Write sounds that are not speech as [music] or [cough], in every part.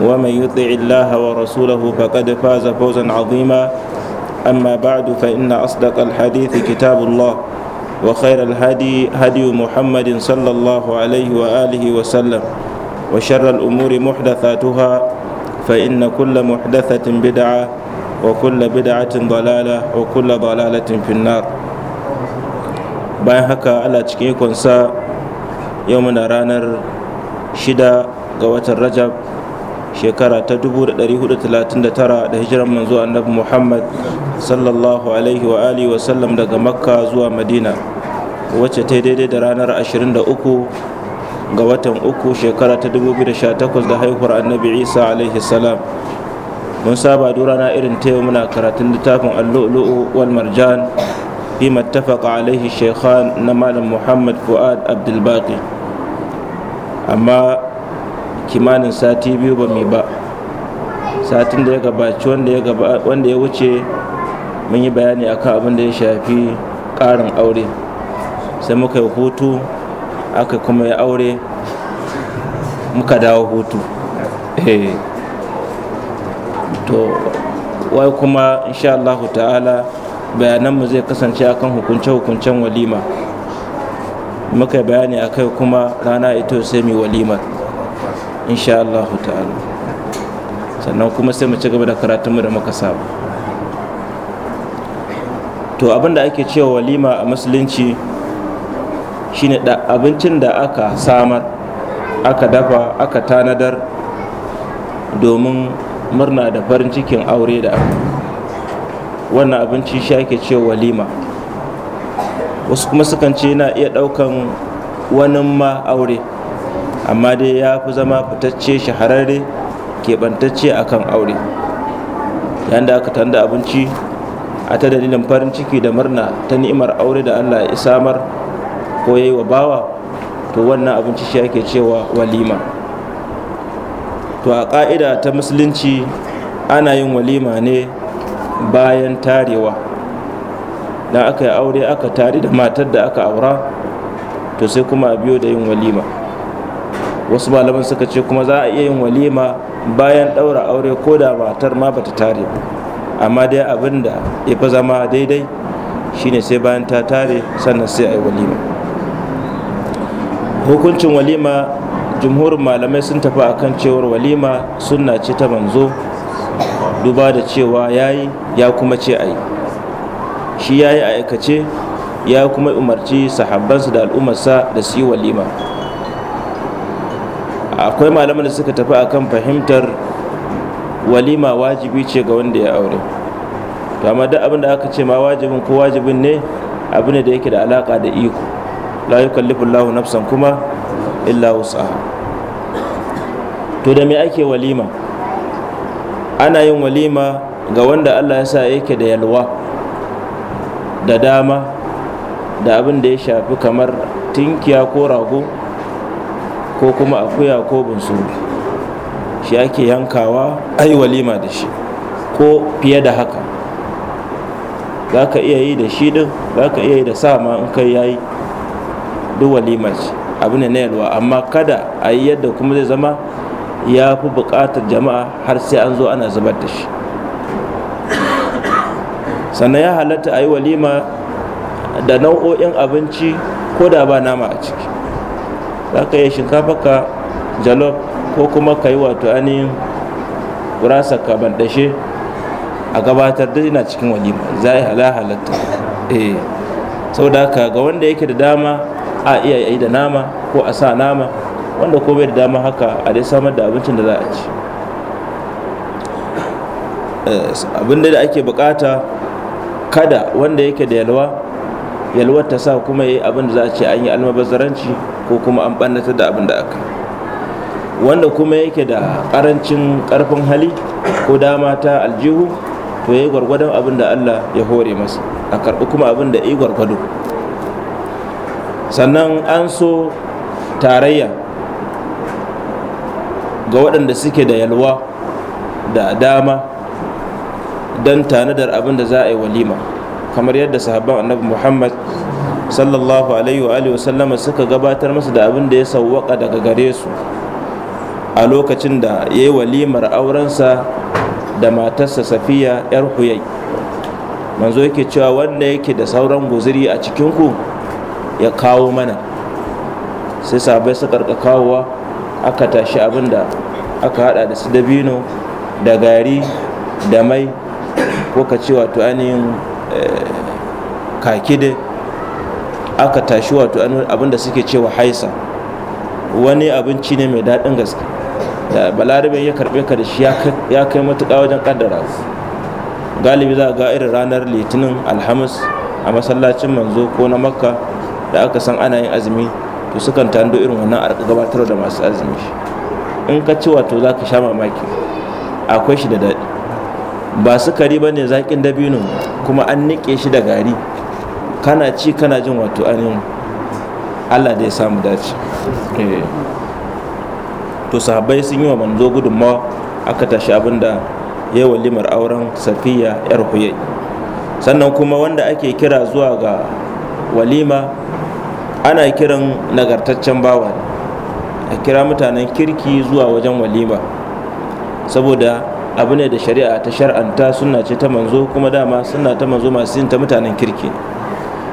ومن يطع الله ورسوله فقد فاز فوزا عظيما أما بعد فإن أصدق الحديث كتاب الله وخير الهدي هدي محمد صلى الله عليه وآله وسلم وشر الأمور محدثاتها فإن كل محدثة بدعة وكل بدعة ضلالة وكل ضلالة في النار bayan haka Allah cikin ikonsa yau muna ranar shida ga watan Rajab shekara ta 439 da hijiran manzo annabi muhammad sallallahu alaihi wa alihi wa sallam daga makka zuwa madina wacce ta daidai da ranar 23 ga watan uku shekara ta 2018 da haihuwar annabi isa alaihi salam mun saba durana irin ta yau muna karatun littafin allu'lu'u wal marjan fi mattafaqa alaihi shaykhan na malam muhammad fuad abdulbaki. amma kimanin sati biyu ba mai ba satin da ya gabaci wanda ya wuce mun yi bayani akan abin da ya shafi karin aure sai muka yi hutu aka kuma ya aure muka dawo hutu eh. to wai kuma insha Allah ta'ala bayananmu zai kasance akan hukunce-hukuncen walima muka bayani akai kuma rana ito sai mai walimar insha Allah ta'ala sannan kuma sai mu ci gaba da mu da muka saba to abin da ake cewa walima a musulunci shine da abincin da aka samar aka dafa aka tanadar domin murna da farin cikin aure da aka wannan abinci shi ake cewa walima wasu kuma sukan ce yana iya ɗaukan wani ma aure amma dai ya fi zama fitacce shahararre keɓantacce a kan aure yadda aka tanda abinci a ta dalilin farin ciki da murna ta ni'imar aure da allah ya samar ko ya yi wa bawa to wannan abinci shi ake cewa walima to a ƙa'ida ta musulunci ana yin walima ne bayan tarewa da aka yi aure aka tari da matar da aka aura to sai kuma a biyo da yin walima wasu malaman suka ce kuma za a iya yin walima bayan ɗaura aure ko da matar ma bata tare ba amma dai abin da ya fi zama daidai shine sai bayan ta tare sannan sai a yi walima hukuncin walima jumhurin malamai sun tafi a kan cewar walima sunna ce ta manzo duba da cewa ya yi ya kuma ce a yi shi ya yi a aikace ya kuma umarci sahabbansa da al'ummarsa da su yi walima akwai malaman da suka tafi akan fahimtar walima wajibi ce ga wanda ya aure to amma duk abin da aka ce ma wajibin ko wajibin ne abu ne da yake da alaka da iko la yukallifu Allahu nafsan kuma illa wus'aha to da me ake walima ana yin walima ga wanda Allah ya sa yake da yalwa da dama da abin da ya shafi kamar tinkiya ko rago ko kuma akuya ko bunsu shi ake yankawa ai walima da shi ko fiye da haka za ka iya yi da shi din za ka iya yi da sama in kai yayi duk walima ce abu ne na yalwa amma kada a yi yadda kuma zai zama ya fi bukatar jama'a har sai an zo ana zubar da shi sannan ya halatta a yi walima da nau'o'in abinci ko da ba nama a ciki za ka iya shinkafa ka jalof ko kuma ka yi wato ainihin gurasa ka bandashe a gabatar da yana cikin walima za a hala halatta eh saboda ka ga wanda yake da dama a iya yi da nama ko a sa nama wanda ko bai da dama haka a dai samar da abincin da za a ci eh, abin da ake bukata kada wanda yake da yalwa yalwar ta sa kuma yi abin da za a ce an yi almabazzaranci ko kuma an ɓannatar da abin da aka wanda kuma yake da ƙarancin ƙarfin hali ko dama ta aljihu to ya yi gwargwadon abin da allah ya hore masa a karɓi kuma abin da ya yi gwargwado sannan an so tarayya ga waɗanda suke da yalwa da dama don tanadar abin da za a yi walima kamar yadda sahabban annabi muhammad sallallahu alaihi wa sallama suka gabatar masa da abin da ya sawwaka daga gare su a lokacin da ya yi walimar aurensa da matarsa safiya yar huyai manzo yake cewa wanda yake da sauran guziri a cikinku ya kawo mana sai sabai suka karka kawowa aka tashi abin da aka hada da su dabino da gari da mai ko ka ce wato ainihin eh, kakide aka tashi wato abinda suke cewa haisa wani abinci ne mai daɗin gaske da balarabin ya karɓe ka da shi ya kai matuƙa wajen ƙaddara galibi za a ga irin ranar litinin alhamis a masallacin manzo ko na makka da aka san ana yin azumi to sukan tando irin wannan arka gabatar da masu azumi in ka ci wato za ka sha mamaki akwai shi da daɗi ba sukari ba ne zaƙin dabino kuma an niƙe shi da gari kana ci kana jin wato ainihin allah da ya samu dace eh. to sahabbai sun yi wa manzo gudunmawa aka tashi abin da ya walimar auren safiya yar huyai sannan kuma wanda ake kira zuwa ga walima ana kiran nagartaccen bawa a kira mutanen kirki zuwa wajen walima saboda abu ne da shari'a ta shar'anta suna ce ta manzo kuma dama suna ta manzo masu yin ta mutanen kirki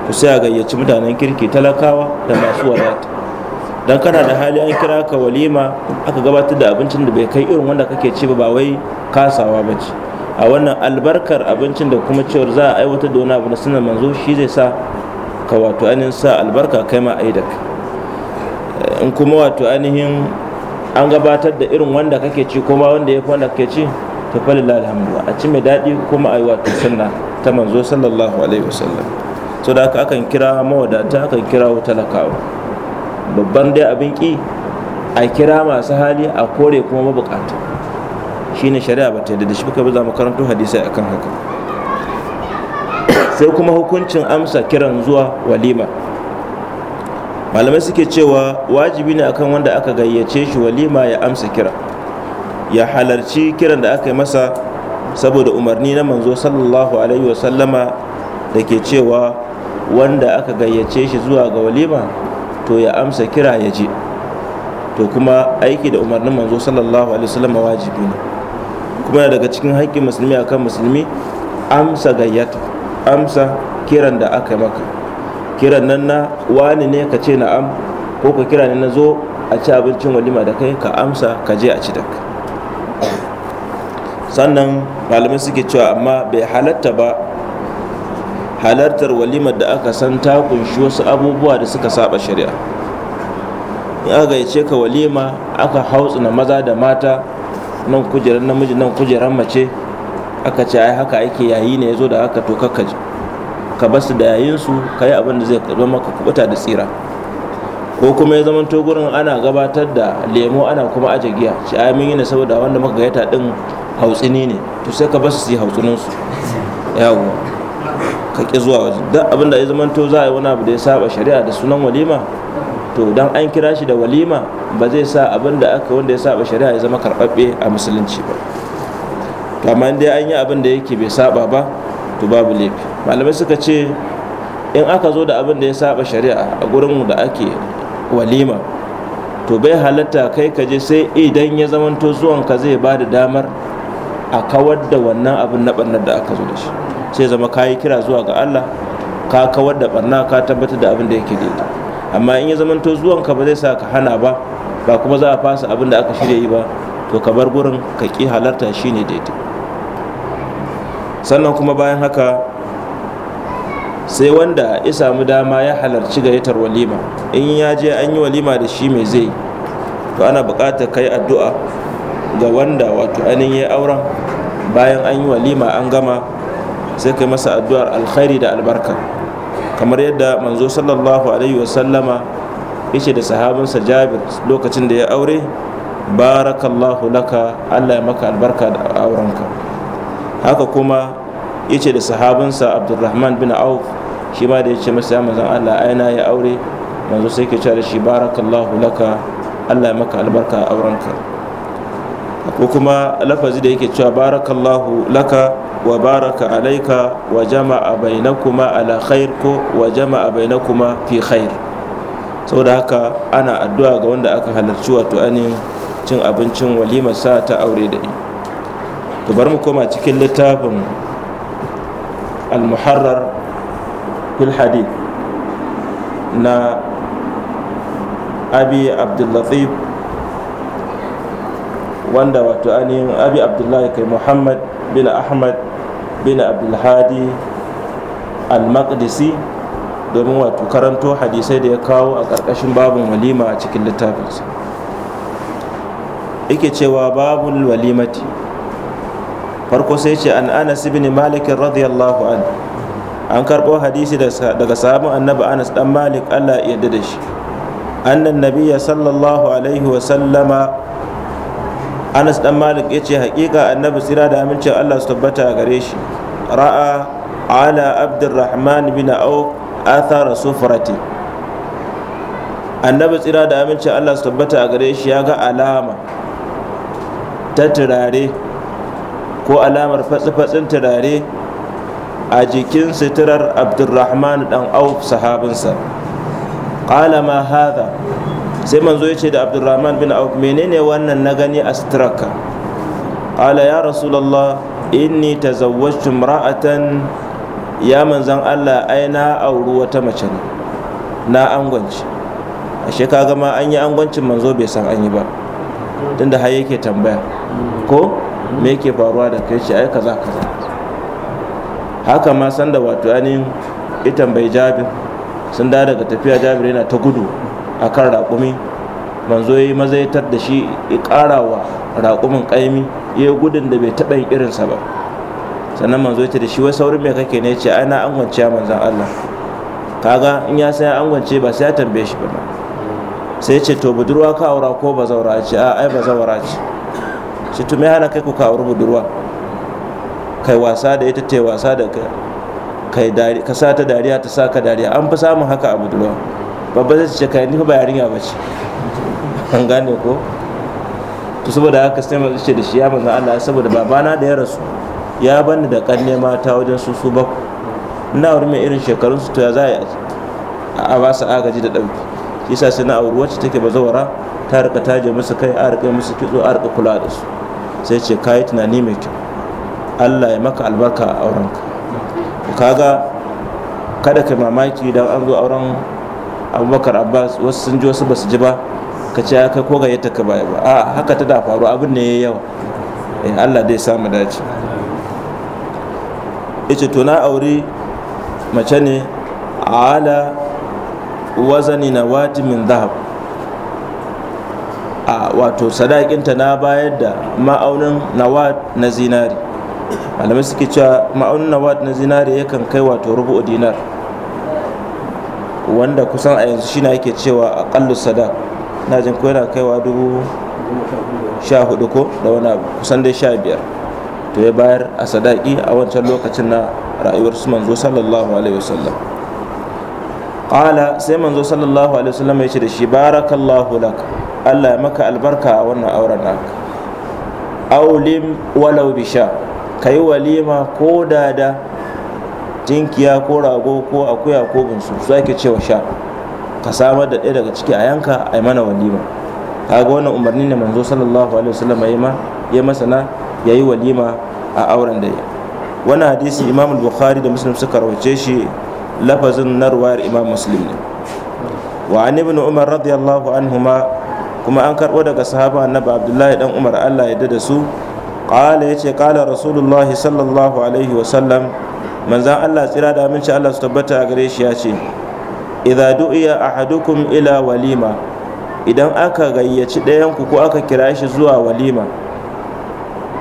Ku sai a gayyaci mutanen kirki talakawa da masu wadata dan kana da hali an kira ka walima aka gabatar da abincin da bai kai irin wanda kake ci ba ba wai kasawa ba ce a wannan albarkar abincin da kuma cewar za a aiwatar da wani abu da sunan manzo shi zai sa ka wato ainihin sa albarka kai ma ai da kai in kuma wato ainihin an gabatar da irin wanda kake ci kuma wanda ya fi wanda kake ci to falillah alhamdu a ci mai daɗi kuma a yi wato sunna ta manzo sallallahu alaihi wasallam so da haka akan kira mawadata akan kira talakawa babban dai abin ki a kira masu hali a kore kuma mabukata shine shari'a ba ta yadda da shi kuka za mu karanto hadisai akan haka sai kuma hukuncin amsa kiran zuwa walima malamai suke cewa wajibi ne akan wanda aka gayyace shi walima ya amsa kira ya halarci kiran da aka yi masa saboda umarni na manzo sallallahu alaihi wasallama da ke cewa wanda aka gayyace shi zuwa ga walima to ya amsa kira ya je to kuma aiki da umarnin manzo sallallahu alaihi wasallam wajibi ne kuma daga cikin haƙƙin musulmi akan musulmi amsa gayyata amsa kiran da aka maka kiran nan na wani ne ka ce na'am ko ka kira ne na zo a ci abincin walima da kai ka amsa ka je a ci da sannan malamai suke cewa amma bai halatta ba halartar walimar da aka san ta kunshi wasu abubuwa da suka saba shari'a in aka gayyace ka walima aka hautsina maza da mata nan kujerar namiji nan kujerar mace aka ce ai haka ake yayi ne yazo da haka to kakka ka basu da yayin su kai abin da zai zama maka kubuta da tsira ko kuma ya zama to gurin ana gabatar da lemo ana kuma aje giya shi ai mun yi ne saboda wanda muka gayyata din hautsini ne to sai ka basu su yi hautsinin su yawo ka ƙi zuwa wajen duk abin da ya zama to za a yi wani abu da ya saba shari'a da sunan walima to dan an kira shi da walima ba zai sa abin da aka wanda ya saba shari'a ya zama karɓaɓɓe a musulunci ba to amma dai an yi abin da yake bai saba ba to babu laifi malamai suka ce in aka zo da abin da ya saba shari'a a gurin da ake walima to bai halatta kai ka je sai idan ya zamanto zuwanka zai ba da damar a kawar da wannan abin na da aka zo da shi sai zama yi kira zuwa ga Allah ka kawar da barna ka tabbatar da abin da yake daidai amma in ya zamanto ka ba zai sa ka hana ba ba kuma za a fasa abin da aka shirya yi ba to ka bar gurin ka ki halarta shi shine daidai sannan kuma bayan haka sai wanda ya samu dama ya halarci gayyatar walima in ya je an yi walima da shi mai zai to ana buƙatar kai addu'a ga wanda wato anin ya auren bayan an yi walima an gama sai kai masa addu'ar alkhairi da albarka kamar yadda manzo sallallahu alaihi wasallama yake da sahabinsa jabir lokacin da ya aure barakallahu laka allah ya maka albarka da aurenka haka kuma yake da sahabinsa abdulrahman bin auf shi ma da yake masa ya manzon allah aina ya aure manzo sai ke cewa da shi barakallahu laka allah ya maka albarka a aurenka ko kuma lafazi da yake cewa barakallahu laka wa baraka alaika wa jama'a bainakuma ala khair ko wa jama'a bainakuma fi khair saboda haka ana addu'a ga wanda aka halarci wato ainihin cin abincin walimar sa ta aure da ni to bari mu koma cikin littafin al-muharrar fil hadith na abi abdullatif wanda wato ainihin abi abdullahi kai muhammad bin ahmad bin abdulhadi al-maqdisi domin wato karanto hadisai da ya kawo a ƙarƙashin babun walima a cikin littafinsa yake cewa babul walimati farko sai ce an anas ibn malik radiyallahu an an karɓo hadisi daga sahabin annabi anas dan malik allah ya yarda da shi annan nabiya sallallahu alaihi wa sallama anas dan malik ya ce haƙiƙa annabi sira da amincin allah su tabbata a gare shi ra'a ala abdurrahman bin auf athara sufrati annabi tsira da amincin allah su tabbata a gare shi ya ga alama ta turare ko alamar fatsi-fatsin turare a jikin suturar abdurrahman dan auf sahabinsa ƙalama ma haza sai manzo ya ce da Abdulrahman bin auf menene wannan na gani a suturarka ala ya rasulallah inni tazawwajtu imra'atan ya manzan allah ai na auri wata mace ne na angwanci ashe kaga ma an yi angwancin manzo bai san an yi ba tunda har yake tambaya ko me yake faruwa da kai ce ai kaza kaza haka ma sanda wato anin itan bai jabir sun da daga tafiya jabir yana ta gudu a kan raƙumi manzo ya yi mazaitar da shi ya ƙara wa raƙumin ƙaimi ya gudun da bai taɓa yin irinsa ba sannan manzo ya ce da shi wai saurin mai kake ne ce ana angwance manzan Allah kaga in ya sai angwance ba sai ya tambaye shi ba sai ce to budurwa ka aura ko ba zaura ce a ai ba zaura ce shi to mai hana kai ku ka budurwa kai wasa da ita te wasa da kai ka sa ta dariya ta sa ka dariya an fi samun haka a budurwa babba zai ce kai ni fa ba yarinya ba ce an gane ko to saboda haka sai mai ce da shi ya manzo Allah saboda babana da ya rasu ya bani da kanne mata wajen su su baku ina wuri mai irin shekarun su to ya za a ba su agaji da ɗauki yasa sai na auri wacce take bazawara ta rika taje musu kai a rika musu kitso a rika kula da su sai ce kayi tunani mai kyau Allah ya maka albarka a aurenka kaga kada kai mamaki idan an zo auren abubakar abbas wasu sun ji wasu ba su ji ba ka ce kai ko ga yadda ka baya ba a haka ta da faru abin ne ya yi yawa in eh, allah dai samu dace ita to na aure mace ne a ala wazani na wati zahab a wato sadakinta na bayar da ma'aunin nawat na zinari malamai suke cewa ma'aunin nawad na zinari yakan kai wato rubu'u dinar wanda kusan a yanzu shi na yake cewa aƙallu sada na jin ko yana kaiwa dubu sha hudu ko da wani abu kusan dai sha biyar to ya bayar a sadaki a wancan lokacin na rayuwar su manzo sallallahu alaihi wasallam qala sai manzo sallallahu alaihi wasallam ya ce da shi barakallahu lak Allah ya maka albarka a wannan auren naka aulim walau bisha kai walima ko da da tinkiya ko rago ko akuya ko binsu su ake cewa sha ka samar da ɗaya daga ciki a yanka a yi mana walima kaga wannan umarni ne manzo sallallahu alaihi wasallam ya ma ya masa na yayi walima a auren da ya wannan hadisi imam bukhari da muslim suka rawace shi lafazin na ruwayar imam muslim ne wa an ibn umar radiyallahu anhuma kuma an karɓo daga sahaba annabi abdullahi dan umar Allah ya da su qala yace qala rasulullahi sallallahu alaihi wasallam manzan Allah tsira da aminci Allah su tabbata a gare shi ya ce idza du'iya ahadukum ila walima idan aka gayyaci ɗayan ku ko aka kira shi zuwa walima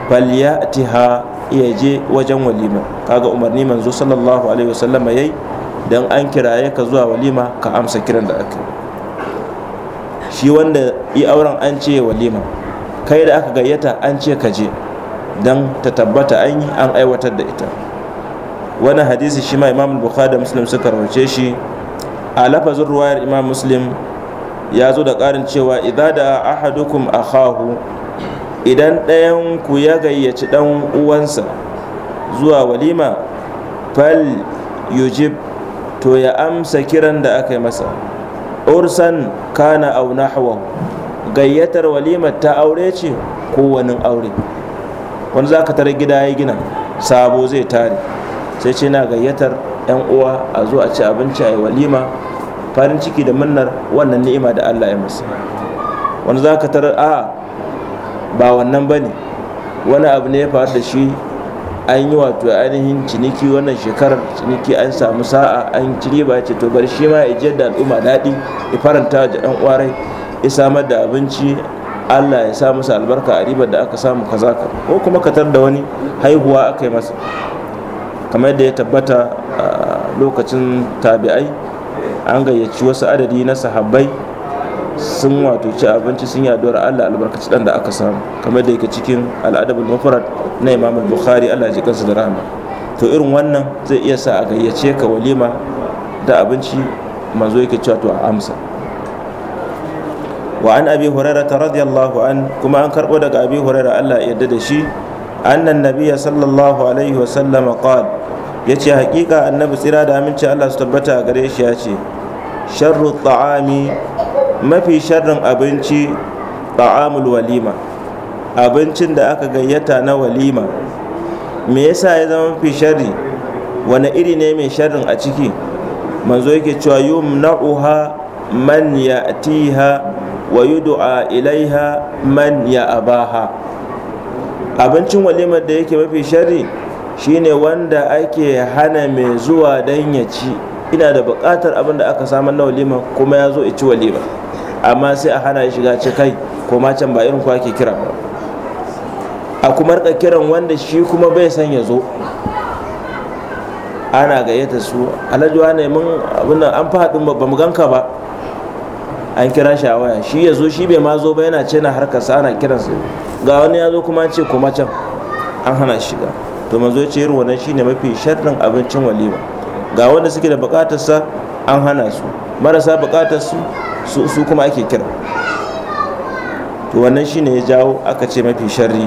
falyatiha ya je wajen walima kaga umarni manzo sallallahu alaihi wasallama yayi dan an kiraye ka zuwa walima ka amsa kiran da aka shi wanda yi auren an ce walima kai da aka gayyata an ce ka je dan ta tabbata an yi an aiwatar da ita wani hadisi shi ma imam bukhari da muslim suka rawace shi a lafazin ruwayar imam muslim ya zo da karin cewa idza da ahadukum akhahu idan ɗayan ku ya gayyaci ɗan uwansa zuwa walima fal yujib to ya amsa kiran da aka yi masa ursan kana au nahwahu gayyatar walima ta aure ce ko wani aure wani za ka tare gida ya gina sabo zai tare sai ce na gayyatar yan uwa a zo a ci abinci a yi walima farin ciki da murnar wannan ni'ima da Allah ya masa wani za ka tarar a ba wannan ba ne wani abu ne ya faru da shi an yi wato ainihin ciniki wannan shekarar ciniki an samu sa'a an ci riba ce to bari shi ma ya je da al'umma daɗi ya faranta da ɗan ƙwarai ya samar da abinci Allah ya sa masa albarka a ribar da aka samu kaza ko kuma katar da wani haihuwa aka yi masa kamar yadda ya tabbata lokacin tabi'ai an gayyaci wasu adadi na sahabbai sun wato ci abinci sun yaduwar Allah albarkaci dan da aka samu kamar da yake cikin al'adabul mufrad na Imam al-Bukhari Allah ji kansa da rahama to irin wannan zai iya sa a gayyace ka walima da abinci mazo yake cewa to a amsa wa an abi hurairah radiyallahu an kuma an karbo daga abi hurairah Allah ya yarda da shi annan nabiya sallallahu alaihi wasallama qal ya ce hakika annabi tsira da aminci allah su tabbata a gare shi ya ce sharru ta'ami mafi sharrin abinci ta'amul walima abincin da aka gayyata na walima me yasa ya zama mafi sharri wani iri ne mai sharrin a ciki manzo yake cewa yumna'uha man ya'tiha wa yud'a ilaiha man ya'abaha abincin walimar da yake mafi shari shine wanda ake hana mai zuwa don ya ci ina da buƙatar abin da aka samar na walima kuma ya zo ya ci walima amma sai a hana ya shiga ce kai ko ma can ba irin ku ke kira ba a kuma rika kiran wanda shi kuma bai san ya zo ana gayyata su alhaji wane mun abin da an faɗin ba mu ganka ba an kira shi shi ya zo shi bai ma zo ba yana ce na harkarsa ana kiransa ga wani ya zo kuma ce kuma can an hana shiga to manzo ya ce irin wannan shine mafi sharrin abincin walima ga wanda suke da bukatar sa an hana su marasa bukatar su su kuma ake kira to wannan shine ya jawo aka ce mafi sharri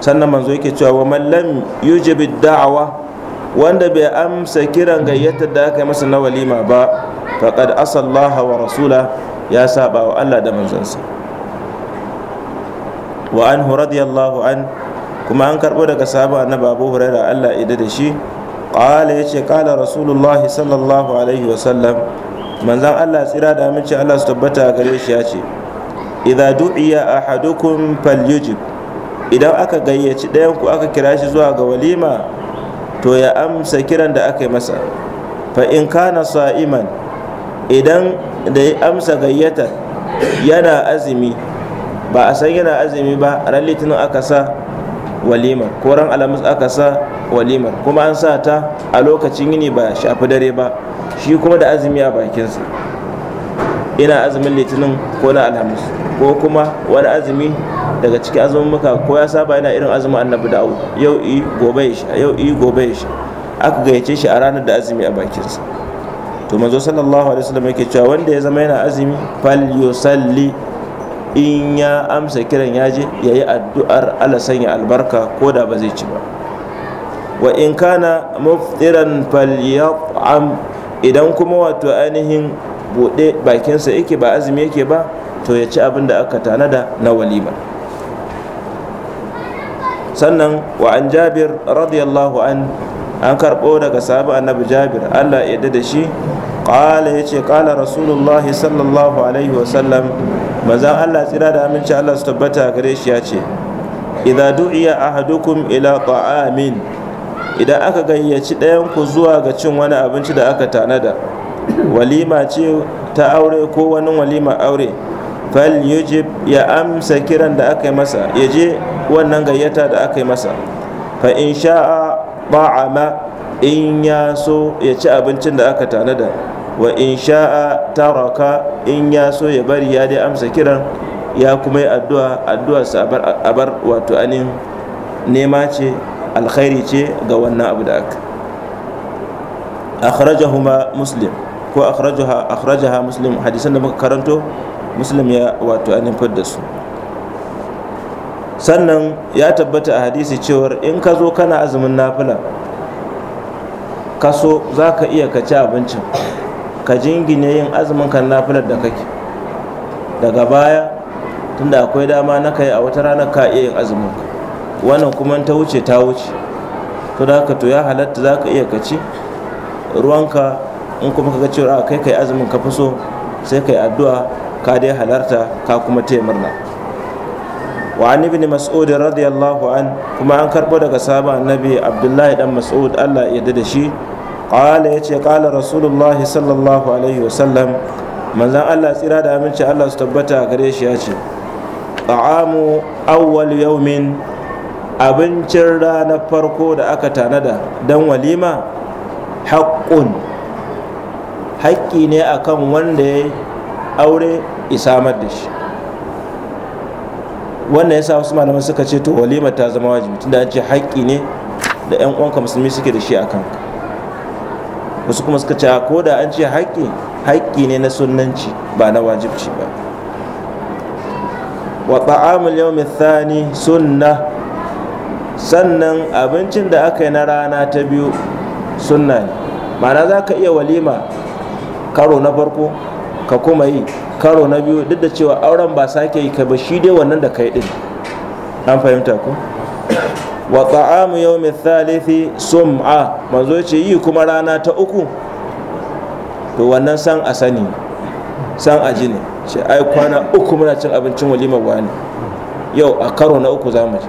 sannan manzo yake cewa wa man lam yujibi da'wa wanda bai amsa kiran gayyatar da aka yi masa na walima ba faqad asallaha wa rasula ya saba wa Allah da manzansa wa anhu radiyallahu an kuma an karbo daga sahaban annabi Abu Hurairah Allah ya da shi qala yace qala rasulullah sallallahu alaihi wa sallam manzon Allah tsira da aminci Allah su tabbata gare shi yace idza du'iya ahadukum falyujib idan aka gayyaci ɗayan ku aka kira shi zuwa ga walima to ya amsa kiran da aka yi masa fa in kana sa'iman idan da ya amsa gayyata yana azumi ba a san yana azumi ba ran litinin aka sa walimar ko ran alamis aka sa walimar kuma an sa ta a lokacin yini ba shafi dare ba shi kuma da azumi a bakinsa ina azumin litinin ko na alhamis ko kuma wani azumi daga cikin azumin muka ko ya saba yana irin azumin annabi da yau i gobe ya sha yau i gobe ya sha aka gayyace shi a ranar da azumi a bakinsa to manzo sallallahu alaihi wasallam yake cewa wanda ya zama yana azumi fal yusalli in ya amsa kiran ya je ya yi addu'ar Allah sanya albarka ko da ba zai ci ba wa in kana muftiran falyat'am idan kuma wato ainihin buɗe bakinsa yake ba azumi yake ba to ya ci abin da aka tanada na walima sannan wa an jabir radiyallahu an an karɓo daga sahabi annabi jabir allah ya da shi ƙala ya ce ƙala rasulullahi sallallahu alaihi wasallam manzan Allah tsira da aminci Allah su tabbata gare shi ya ce idan du'iya ahadukum ila ta'amin idan aka gayyaci ɗayan ku zuwa ga cin wani abinci da aka tanada walima ce ta aure ko wani walima aure fal yujib ya amsa kiran da aka yi masa ya je wannan gayyata da aka yi masa fa in sha'a ba'ama in ya so ya ci abincin da aka tanada wa in sha'a taraka in ya so ya bari ya dai amsa kiran ya kuma yi addu'a addu'arsa a bar wato anin nema ce alkhairi ce ga wannan abu da aka akhrajahuma muslim ko akhrajaha akhrajaha muslim hadisan da muka karanto muslim ya wato anin fadda su sannan ya tabbata a hadisi cewar in ka zo kana azumin nafila kaso za ka iya ka ci abincin ka jingine yin azumin kan nafilar da kake daga baya tunda akwai dama na kai a wata ranar ka iya yin azumin wannan kuma ta wuce ta wuce to da ka to ya halatta za ka iya kaci ruwanka in kuma ka ga cewa kai kai azumin ka fi so sai kai addu'a ka dai halarta ka kuma taya murna wa an ibn mas'ud radiyallahu an kuma an karbo daga sahaba annabi abdullahi dan mas'ud Allah ya yarda da shi qala yace qala rasulullah sallallahu alaihi wasallam manzon Allah tsira da aminci Allah su tabbata gare shi yace ta'amu awwal yawmin abincin ranar farko da aka tanada dan walima haqqun haƙƙi ne akan wanda ya aure isamar da shi wannan yasa wasu malaman suka ce to walima ta zama wajibi tunda an ce haƙƙi ne da 'yan uwanka musulmi suke da shi a kanka wasu kuma suka ce ko da an ce haƙƙi haƙƙi ne na sunanci ba na wajibci ba wa ta'amul yawmi thani sunna sannan abincin da aka yi na rana ta biyu sunna ne ma'ana za ka iya walima karo na farko ka kuma yi karo na biyu duk da cewa auren ba sake yi ka ba shi dai wannan da ka yi din an fahimta ku wa ta'amu yawmi thalithi sum'a manzo ce yi kuma rana ta uku to wannan san a sani san a ji ne ce ai kwana uku muna cin abincin walimar wani yau a karo na uku zamu ci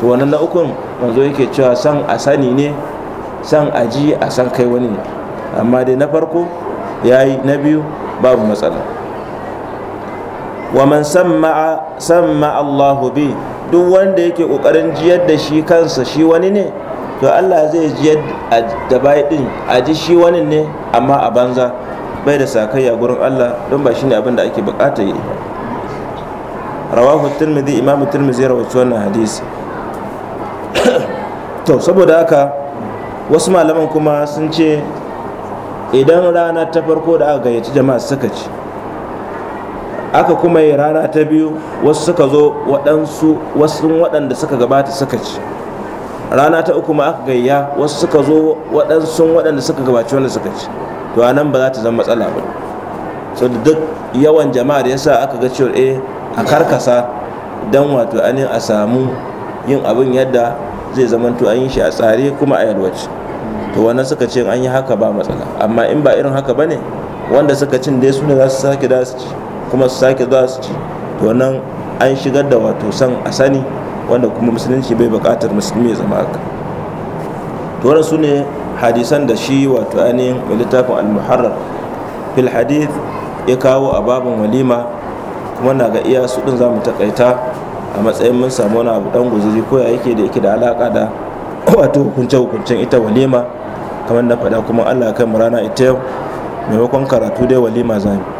to wannan na ukun manzo yake cewa san a sani ne san a ji a san kai wani ne amma dai na farko yayi na biyu babu matsala wa man sama'a sama'a Allahu bi duk wanda yake kokarin jiyar da shi kansa shi wani ne to Allah zai jiyar da bai din a ji shi wani ne amma a banza bai da sakayya gurin Allah don ba shi abin da ake bukata yi rawahu tirmidhi imamu tirmidhi rawatu wannan hadisi [coughs] to saboda haka wasu malaman kuma sun ce idan rana ta farko da aka gayyaci jama'a suka ci aka kuma yi rana ta biyu wasu suka zo waɗansu wasu waɗanda suka gabata suka ci rana ta uku ma aka gayya wasu suka zo waɗansu waɗanda suka gabaci wanda suka ci to anan ba za ta zama matsala ba so da duk yawan jama'ar ya sa aka ga cewar eh a karkasa don wato anin a samu yin abin yadda zai zamanto an yi shi a tsare kuma a yalwaci to wannan suka ce an yi haka ba matsala amma in ba irin haka ba ne wanda suka cin dai su ne za su sake da su ci kuma su sake zuwa su ci to nan an shigar da wato san a sani wanda kuma musulunci bai bukatar musulmi ya zama haka to wannan su ne hadisan da shi wato ainihin littafin al-muharrar fil hadith ya kawo a babin walima kuma na ga iya su din zamu takaita a matsayin mun samu wani abu dan guzuri ko ya yake da yake da alaka da [coughs] wato hukunce hukuncen ita walima kamar na faɗa kuma Allah ya kai mu rana ita yau maimakon karatu dai walima zamu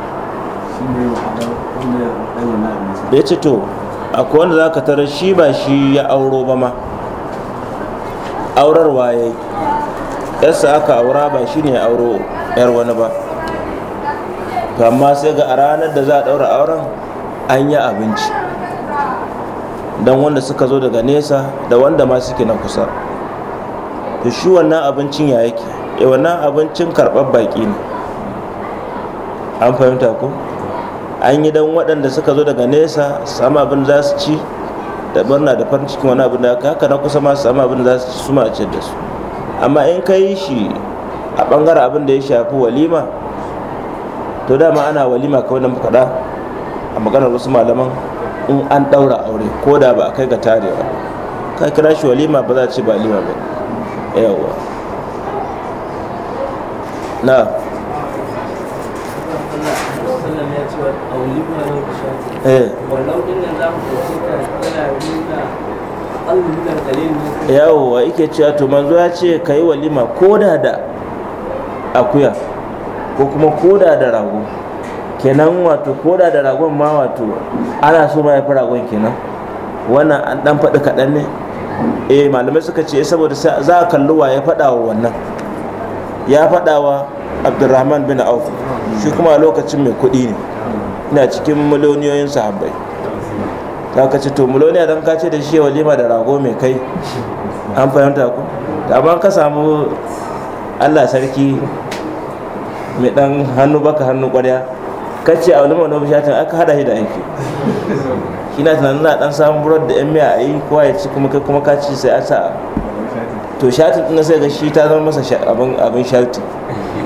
ya ce to akwai wanda za ka tarar shi ba shi ya auro ba ma aurar waye yasa aka aura ba shi ne auro yar wani ba to amma sai ga a ranar da za a ɗaura auren an yi abinci don wanda suka zo daga nesa da wanda ma suke na kusa to shi wannan abincin ya yake eh, wannan abincin karɓar baƙi ne an fahimta ko an yi don waɗanda suka zo daga nesa su samu abin za su ci da murna da farin cikin wani abin da haka na kusa ma su samu abin za su ci su ma ce da su amma in ka yi shi a ɓangaren abin da ya shafi walima to dama ana walima kawai nan muka a maganar wasu malaman in an ɗaura aure ko da ba a kai ga tarewa ka kira shi walima ba za a ce ba walima ba yawa na ya ce a eh. za yana yawwa ike cewa to manzo ya ce ka yi walima ko da da akuya ko kuma ko da da rago kenan wato ko da da ragon ma wato ana so ma ya fi ragon kenan wannan an dan faɗi kaɗan ne eh malamai suka ce eh, saboda za a kalli wa ya faɗa wa wannan ya faɗa wa abdurrahman bin auf shi kuma a lokacin mai kuɗi ne ina cikin miliyoniyoyin sahabbai ta ka ce to miliyoniya don ka ce da shi walima da rago mai kai an fahimta ku da ban ka samu allah sarki mai dan hannu baka hannu kwarya ka ce a wani mana bishatin aka hada shi da aiki shi na tunanin na dan samun burod da yan miya a yi kowa ya ci kuma kai kuma ka ci sai a sa to shatin ɗin sai ga shi ta zama masa abin shatin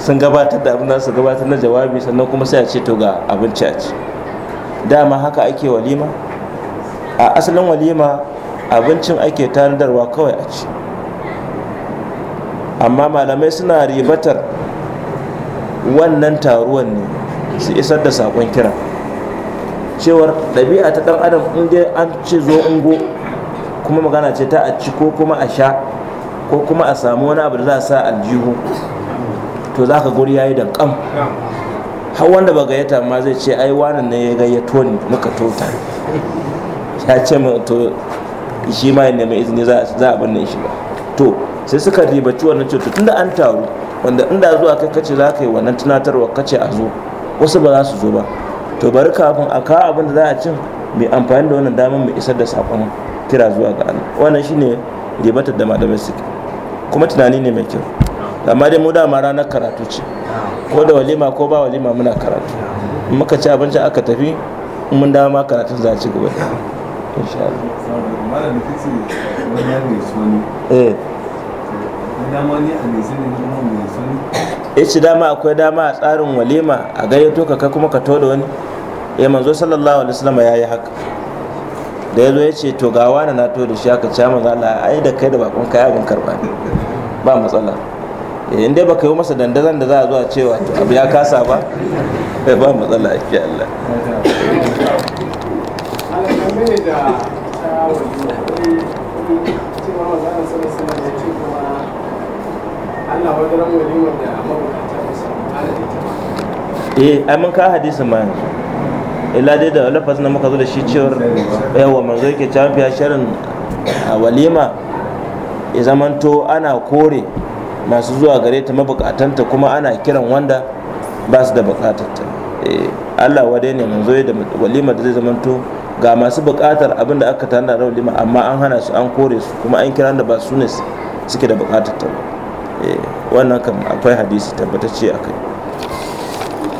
sun gabatar da abin su gabatar na jawabi sannan kuma sai a ce to ga abinci a ci dama haka ake walima a asalin walima abincin ake tanadarwa kawai a ci amma malamai suna ribatar wannan taruwan ne su isar da sakon kira cewar ɗabi'a ta ɗan adam in dai an ce zo ungo kuma magana ce ta a ci ko kuma a sha ko kuma a samu wani abu da za a sa aljihu to za ka guri yayi dankam har wanda ba gayyata ma zai ce ai wannan ne ya gayyato ni muka tota ya ce min to shi ma ne mai izini za a banne shi ba to sai suka ribaci wannan cutu tunda an taru wanda inda zuwa kai kace za ka yi wannan tunatarwa kace a zo wasu ba za su zo ba to bari kafin a kawo abin da za a cin mai amfani da wannan damar mai isar da sakon kira zuwa ga Allah wannan shine ribatar da malamai suke kuma tunani ne mai kyau amma dai mu ma ranar karatu ce ko da walima ko ba walima muna karatu muka ci abinci aka tafi mun dawo ma karatun za ci gaba insha Allah eh. ya ce dama akwai dama a tsarin walima a gayyato ka kai kuma ka to da wani ya eh, manzo sallallahu alaihi wasallam ya yi haka da ya zo ya ce to gawa na na to da shi haka ce manzo Allah ai da kai da bakon kai abin karba ne ba matsala Eh, in dai baka yi masa dandazon da za a zuwa cewa abu ya kasa ba sai eh, ba matsala a ke Allah eh ai mun ka hadisi ma yanzu illa dai da lafazin na muka zo da shi cewar yawa manzo yake cewa fiya shirin a walima ya zamanto ana kore masu zuwa gare ta mabukatanta kuma ana kiran wanda ba su da bukatarta eh, Allah wadai ne manzo da walima da zai zamanto ga masu bukatar abin da aka tana da walima amma an hana su an kore su kuma an kiran da ba su ne suke da bukatarta eh, wannan kan akwai hadisi tabbatacce akai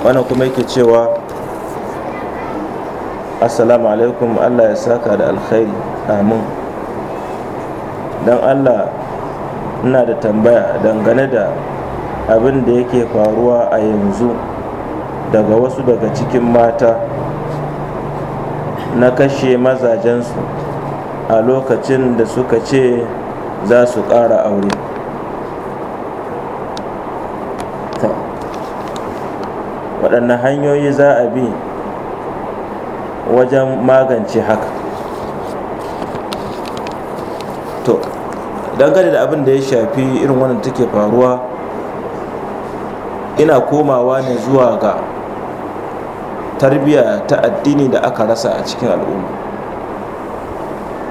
wannan kuma yake cewa assalamu alaikum Allah ya saka da alkhairi amin dan Allah ina da tambaya dangane da abin da yake faruwa a yanzu daga wasu daga cikin mata na kashe mazajensu a lokacin da suka ce za su ƙara aure waɗanne hanyoyi za a bi wajen magance haka dangane da abin da ya shafi irin wannan take faruwa ina komawa ne zuwa ga tarbiyya ta addini da aka rasa a cikin al'umma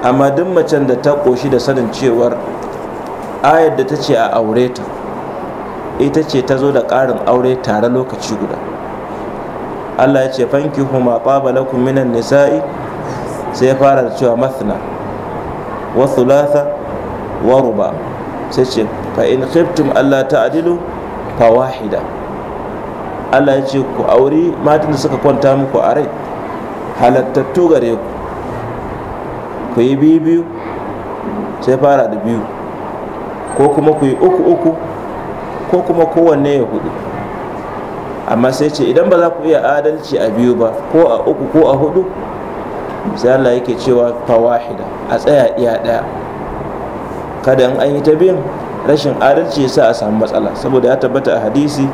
amma duk macen da ta ƙoshi da sanin cewar ayar da ta ce a aure ta ita ce ta zo da ƙarin aure tare lokaci guda allah ya ce fanki huma ɓaba minan nisa'i sai fara da cewa mathna wa thulatha waruba sai ce fa in khiftum Allah ta'dilu fa wahida Allah ya ce ku auri matan da suka kwanta muku a rai halattattu gare ku ku yi biyu biyu sai fara da biyu ko kuma ku yi uku uku ko kuma kowanne ya hudu amma sai ce idan ba za ku iya adalci a biyu ba ko a uku ko a hudu sai Allah yake cewa wahida a tsaya iya ɗaya kada in an yi ta biyan rashin adalci ya sa a samu matsala saboda ya tabbata a hadisi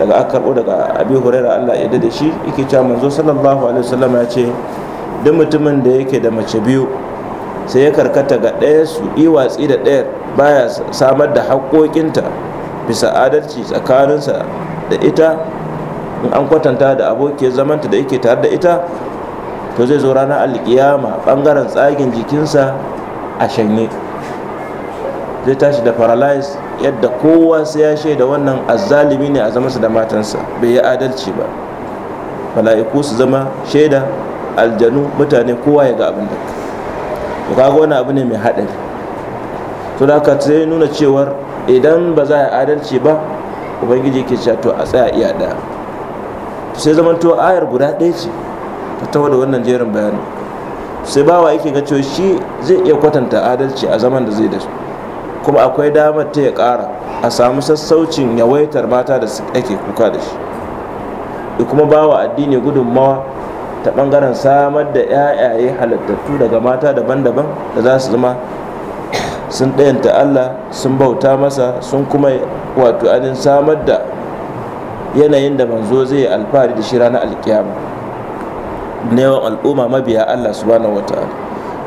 daga aka karɓo daga abi huraira allah ya da shi yake cewa manzo sallallahu alaihi wasallam ya ce duk mutumin da yake da mace biyu sai ya karkata ga ɗaya su yi watsi da ɗaya baya samar da haƙoƙinta bisa adalci tsakaninsa da ita in an kwatanta da abokiyar zamanta da yake tare da ita to zai zo ranar alkiyama ɓangaren tsagin jikinsa a shanye zai tashi da paralyze yadda kowa sai ya shaida wannan azzalimi ne a zamansa da matansa bai yi adalci ba mala'iku su zama shaida aljanu mutane kowa ya ga abin da to kaga wani abu ne mai haɗari to da ka sai nuna cewar idan ba za a yi adalci ba ubangiji ke cewa to a tsaya iya ɗaya sai to ayar guda ɗaya ce ta tawo da wannan jerin bayani sai bawa yake ga cewa shi zai iya kwatanta adalci a zaman da zai da kuma akwai damar ta ya ƙara a samu sassaucin yawaitar mata da ake kuka da shi da kuma ba wa addini gudunmawa ta bangaren samar da 'ya'yaye halittattu daga mata daban-daban da za su zama sun ɗayanta allah sun bauta masa sun kuma wato anin samar da yanayin da manzo zai alfahari da shi ranar alkiyama na al'umma mabiya allah subhanahu wa ta'ala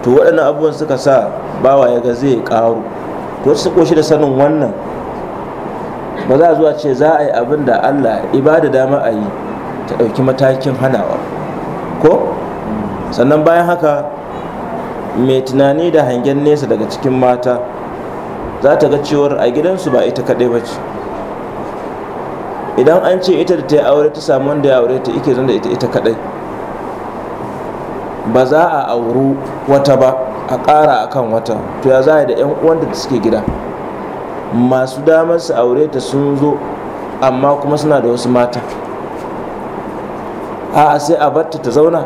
to waɗannan abubuwan suka sa bawa ya ga zai ƙaru to su koshi da sanin wannan ba za a zuwa ce za a yi abin da allah ibada dama a yi ta ɗauki matakin hanawa ko sannan bayan haka mai tunani da hangen nesa daga cikin mata za ta ga cewar a gidansu ba ita kaɗai ba ce idan an ce ita da ta yi aure ta samu wanda ya aure ta ike zan da ita ita kaɗai ba za a auru wata ba a ƙara a kan wata to ya za da 'yan uwan da suke gida masu damar su aure ta sun zo amma kuma suna da wasu mata a sai a batta ta zauna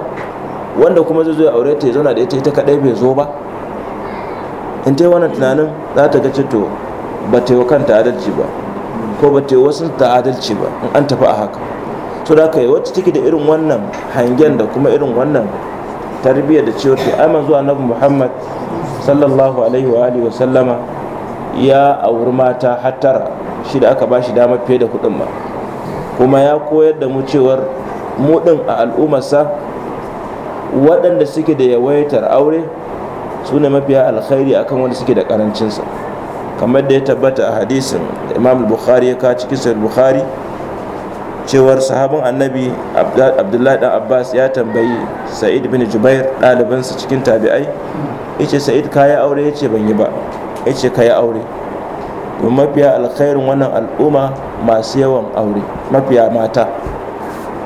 wanda kuma zai zo ya aure ta ya zauna da ita ita kadai bai zo ba in ta yi wannan tunanin za ta ga to ba ta yi kanta adalci ba ko ba ta yi wasu ta adalci ba in an tafi a haka to da haka wacce take da irin wannan hangen da kuma irin wannan tarbiyyar da cewar ke aiman zuwa annabi muhammad sallallahu alaihi wa alihi sallama ya auri mata hattara shi da aka bashi dama fiye da kuɗin ba kuma ya koyar da mu cewar mu a al'ummarsa waɗanda suke da yawaitar aure su ne mafiya alkhairi akan wanda suke da ƙarancinsa kamar da ya tabbata a hadisin imam bukhari ya ka cikin sahih bukhari cewar sahabin annabi abdullahi dan abbas ya tambayi sa'id bin jubair ɗalibansa cikin tabi'ai ya ce sa'id ka ya aure ya ce ban yi ba ya ce ka ya aure don mafiya alkhairin wannan al'umma masu yawan aure mafiya mata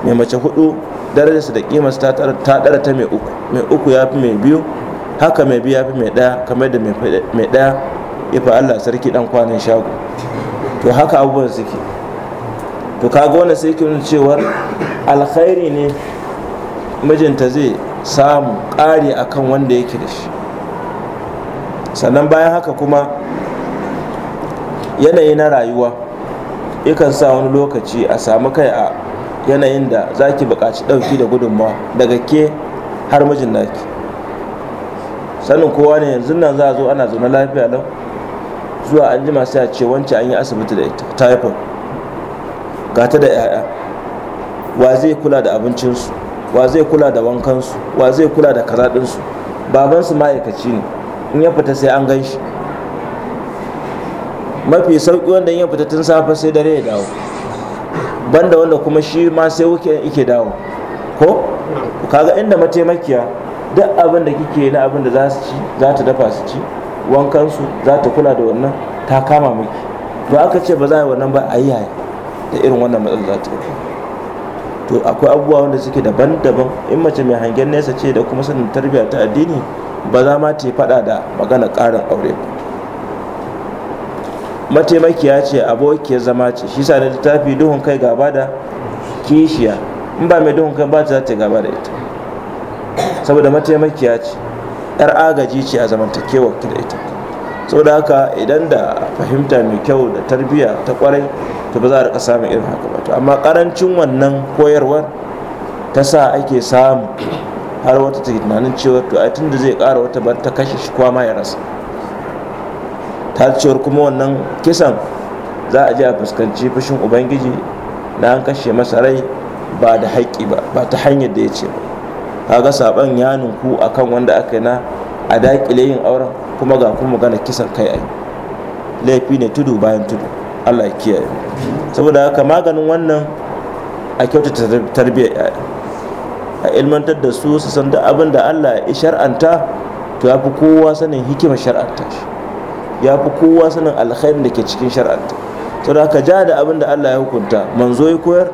mai mace hudu darajarsa da kimarsa ta dara ta mai uku mai uku ya fi mai biyu haka mai biyu ya fi mai ɗaya kamar da mai ɗaya ya fi allah sarki ɗan kwanan shago to haka abubuwan suke to kaga wani sai ke nuna cewar alkhairi ne mijinta zai samu ƙari akan wanda yake da shi sannan bayan haka kuma yanayi na rayuwa ikan sa wani lokaci a samu kai a yanayin da za ki buƙaci ɗauki da gudunmawa daga ke har mijin naki sanin kowa ne yanzu nan za a zo ana zaune lafiya lau zuwa an ji sai a wancan an yi asibiti da ita typhoid ga ta da 'ya'ya wa zai kula da abincinsu wa zai kula da wankansu wa zai kula da karaɗinsu babansu ma'aikaci ne in ya fita sai an gan shi mafi sauƙi wanda ya fita tun safe sai dare ya dawo banda wanda kuma shi ma sai wuke ike dawo ko kaga inda mataimakiya duk abin da kike na abin da za su ci za ta dafa su ci wankansu za ta kula da wannan ta kama miki to aka ce ba za a yi wannan ba a yi yaya da irin wannan matsala za ta yi to akwai abubuwa wanda suke daban-daban in mace mai hangen nesa ce da kuma sanin tarbiyya ta addini ba za ma ta yi faɗa da magana karin aure ba mataimakiya ce abokiyar zama ce shi sa da littafi duhun kai gaba da kishiya in ba mai duhun kai ba ta za gaba da ita saboda mataimakiya ce 'yar agaji ce a zamantakewa da ita saboda haka idan da fahimta mai kyau da tarbiyya ta kwarai to ba za a rika samun irin haka ba to amma karancin wannan koyarwar ta sa ake samu har wata ta tunanin cewa to ai tunda zai kara wata bar ta kashe shi kwama ya rasa ta cewar kuma wannan kisan za a je a fuskanci fushin ubangiji na an kashe masa rai ba da haƙƙi ba ba ta hanyar da ya ce ba kaga saban ya ninku akan wanda aka yi na a daƙile yin auren kuma ga kuma magana kisan kai ai laifi ne tudu bayan tudu allah ya kiyaye saboda haka maganin wannan a kyautata tarbiyyar a ilmantar da su su san da abin da allah ya shar'anta to ya fi kowa sanin hikimar shar'anta shi ya fi kowa sanin alkhairin da ke cikin shar'anta to da ka ja da abin da allah ya hukunta manzo ya koyar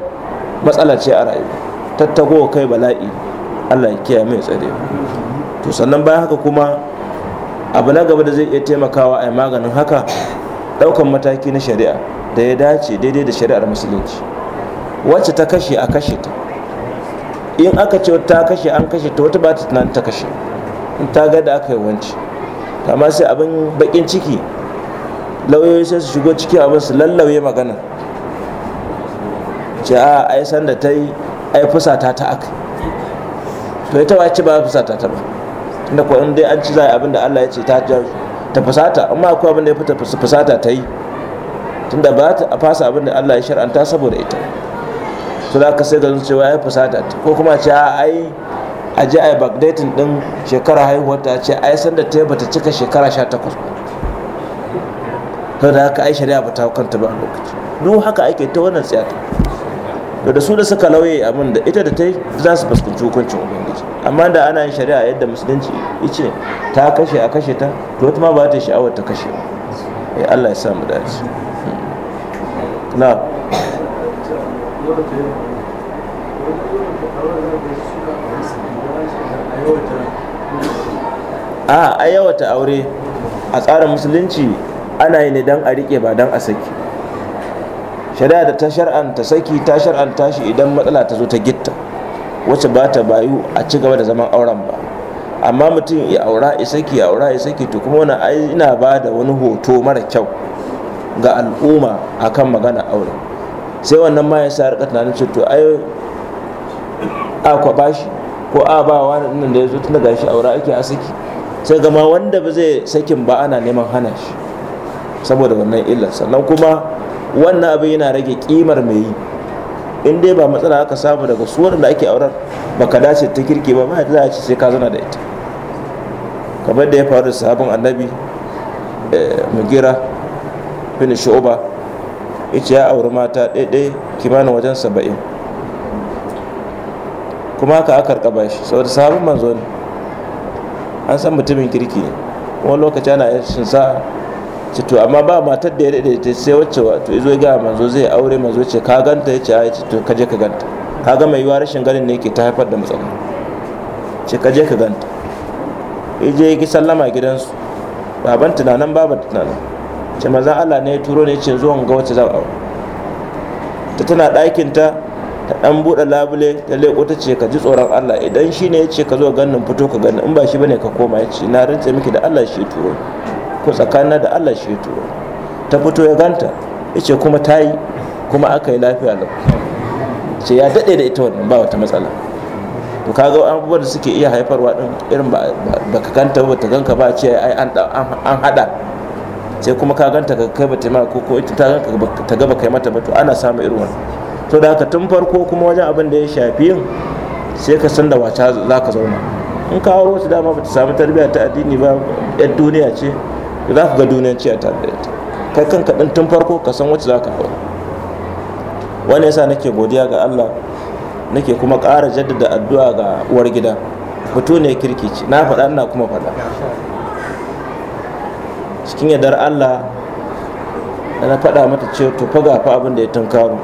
matsala ce a rayuwa tattago kai bala'i allah ya kiyaye mai tsare to sannan bayan haka kuma abu na gaba da zai iya taimakawa a maganin haka daukan mataki na shari'a da ya dace daidai da shari'ar musulunci wacce ta kashe a kashe ta in aka ce ta kashe an kashe ta wata ba ta tunanin ta kashe in ta ga da aka yi wanci amma sai abin bakin ciki lauyoyi sai su shigo ciki abin su lallauye magana ce a ai da ta yi ai fusata ta aka to ita ba ce ba fusata ta ba inda ko in dai an ci zai abin da Allah ya ce ta ta fusata amma akwai abin da ya fita fusata ta yi tunda ba ta fasa abin da Allah ya shar'anta saboda ita to da ka sai ga cewa ya fusata ko kuma ce a ai a je a yi backdating din shekara haihuwar ta ce ai sanda ta yi bata cika shekara 18 to da haka ai shari'a ba ta kanta ba a lokaci duk haka ake ta wannan tsiyata to da su da suka lauye abin da ita da ta yi za su fuskanci hukuncin ubangiji amma da ana yin shari'a yadda musulunci ice ta kashe a kashe ta to wata ma ba ta sha'awar ta kashe ba ya eh, Allah ya sa mu dace na a a yawata aure a tsarin musulunci ana yi ne don a rike ba don a saki shari'a da ta shar'anta saki ta shar'anta shi idan matsala ta zo ta gitta wacce ba ta bayu a ci gaba da zaman auren ba amma mutum ya aura ya saki ya aura ya saki to kuma wani ai ina ba da wani hoto mara kyau ga al'umma akan magana aure sai wannan ma ya sa rika tunanin ce to ai a kwa bashi ko a ba wani nan da ya zo tun aura ake a saki sai gama wanda ba zai sakin ba ana neman hana shi saboda wannan illar sannan kuma wannan abin yana rage kimar mai yi in dai ba matsala aka samu daga suwar da ake aurar baka dace ta kirki ba ma za a ce sai ka zana da ita kamar da ya faru da sahabin annabi eh, mugira bin shu'uba yace ya auri mata daidai. kimanin wajen saba'in kuma ka aka karkaba shi saboda sahabin manzo ne an san mutumin kirki ne wani lokaci ana yin sa ce to amma ba matar da ya daɗe ta sai wacce wato izo zo ga manzo zai aure manzo ce ka ganta ya ce a ce to ka je ka ganta ka ga mai yiwuwa rashin ganin ne ke ta haifar da matsala ce ka je ka ganta ya je ki sallama gidansu baban tunanan baban tunanan ce maza Allah ne ya turo ne ce zuwan ga wacce za a ta tana ɗakin ta ta ɗan buɗe labule ta leƙo ta ce ka ji tsoron Allah idan shi ne ya ce ka zo ganin fito ka gani in ba shi bane ka koma ya ce na rantse miki da Allah shi turo ko tsakanin da Allah shi turo ta fito ya ganta ce kuma ta yi kuma aka yi lafiya lau ce ya daɗe da ita wannan ba wata matsala to kaga abubuwan da suke iya haifarwa din irin ba ka ganta ba ta ganka ba ce ai an an hada sai kuma ka ganta ka kai ba ta ma ko ko ita ta ganka ta ga ba kai mata ba to ana samu irin wannan to da haka tun farko kuma wajen abin da ya shafi yin sai ka san da wata za ka zauna in ka aure wata dama ba ta samu tarbiyya ta addini ba 'yan duniya ce za ka ga duniyarci ciyar ta da ita kai kanka ɗin tun farko ka san wacce za ka aure wani yasa nake godiya ga allah nake kuma ƙara jaddada addu'a ga uwar gida fito ne kirki ce na faɗa ina kuma faɗa cikin yadar allah da na faɗa mata ce to fa gafa abin da ya tunkaro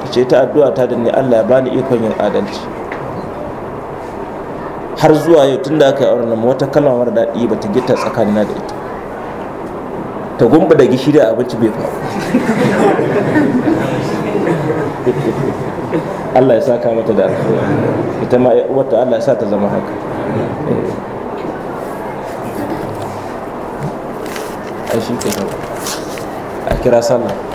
ta ce ta addu'a ta da ni allah ya bani ikon yin adalci har zuwa yau tun da aka yi auren wata kalmar mara daɗi ba ta gita tsakanina da ita ta gumba da gishiri a abinci bai faru Allah ya saka mata da alkhairi ita ma wata Allah ya sa ta zama haka eh. a shi ke a kira sallah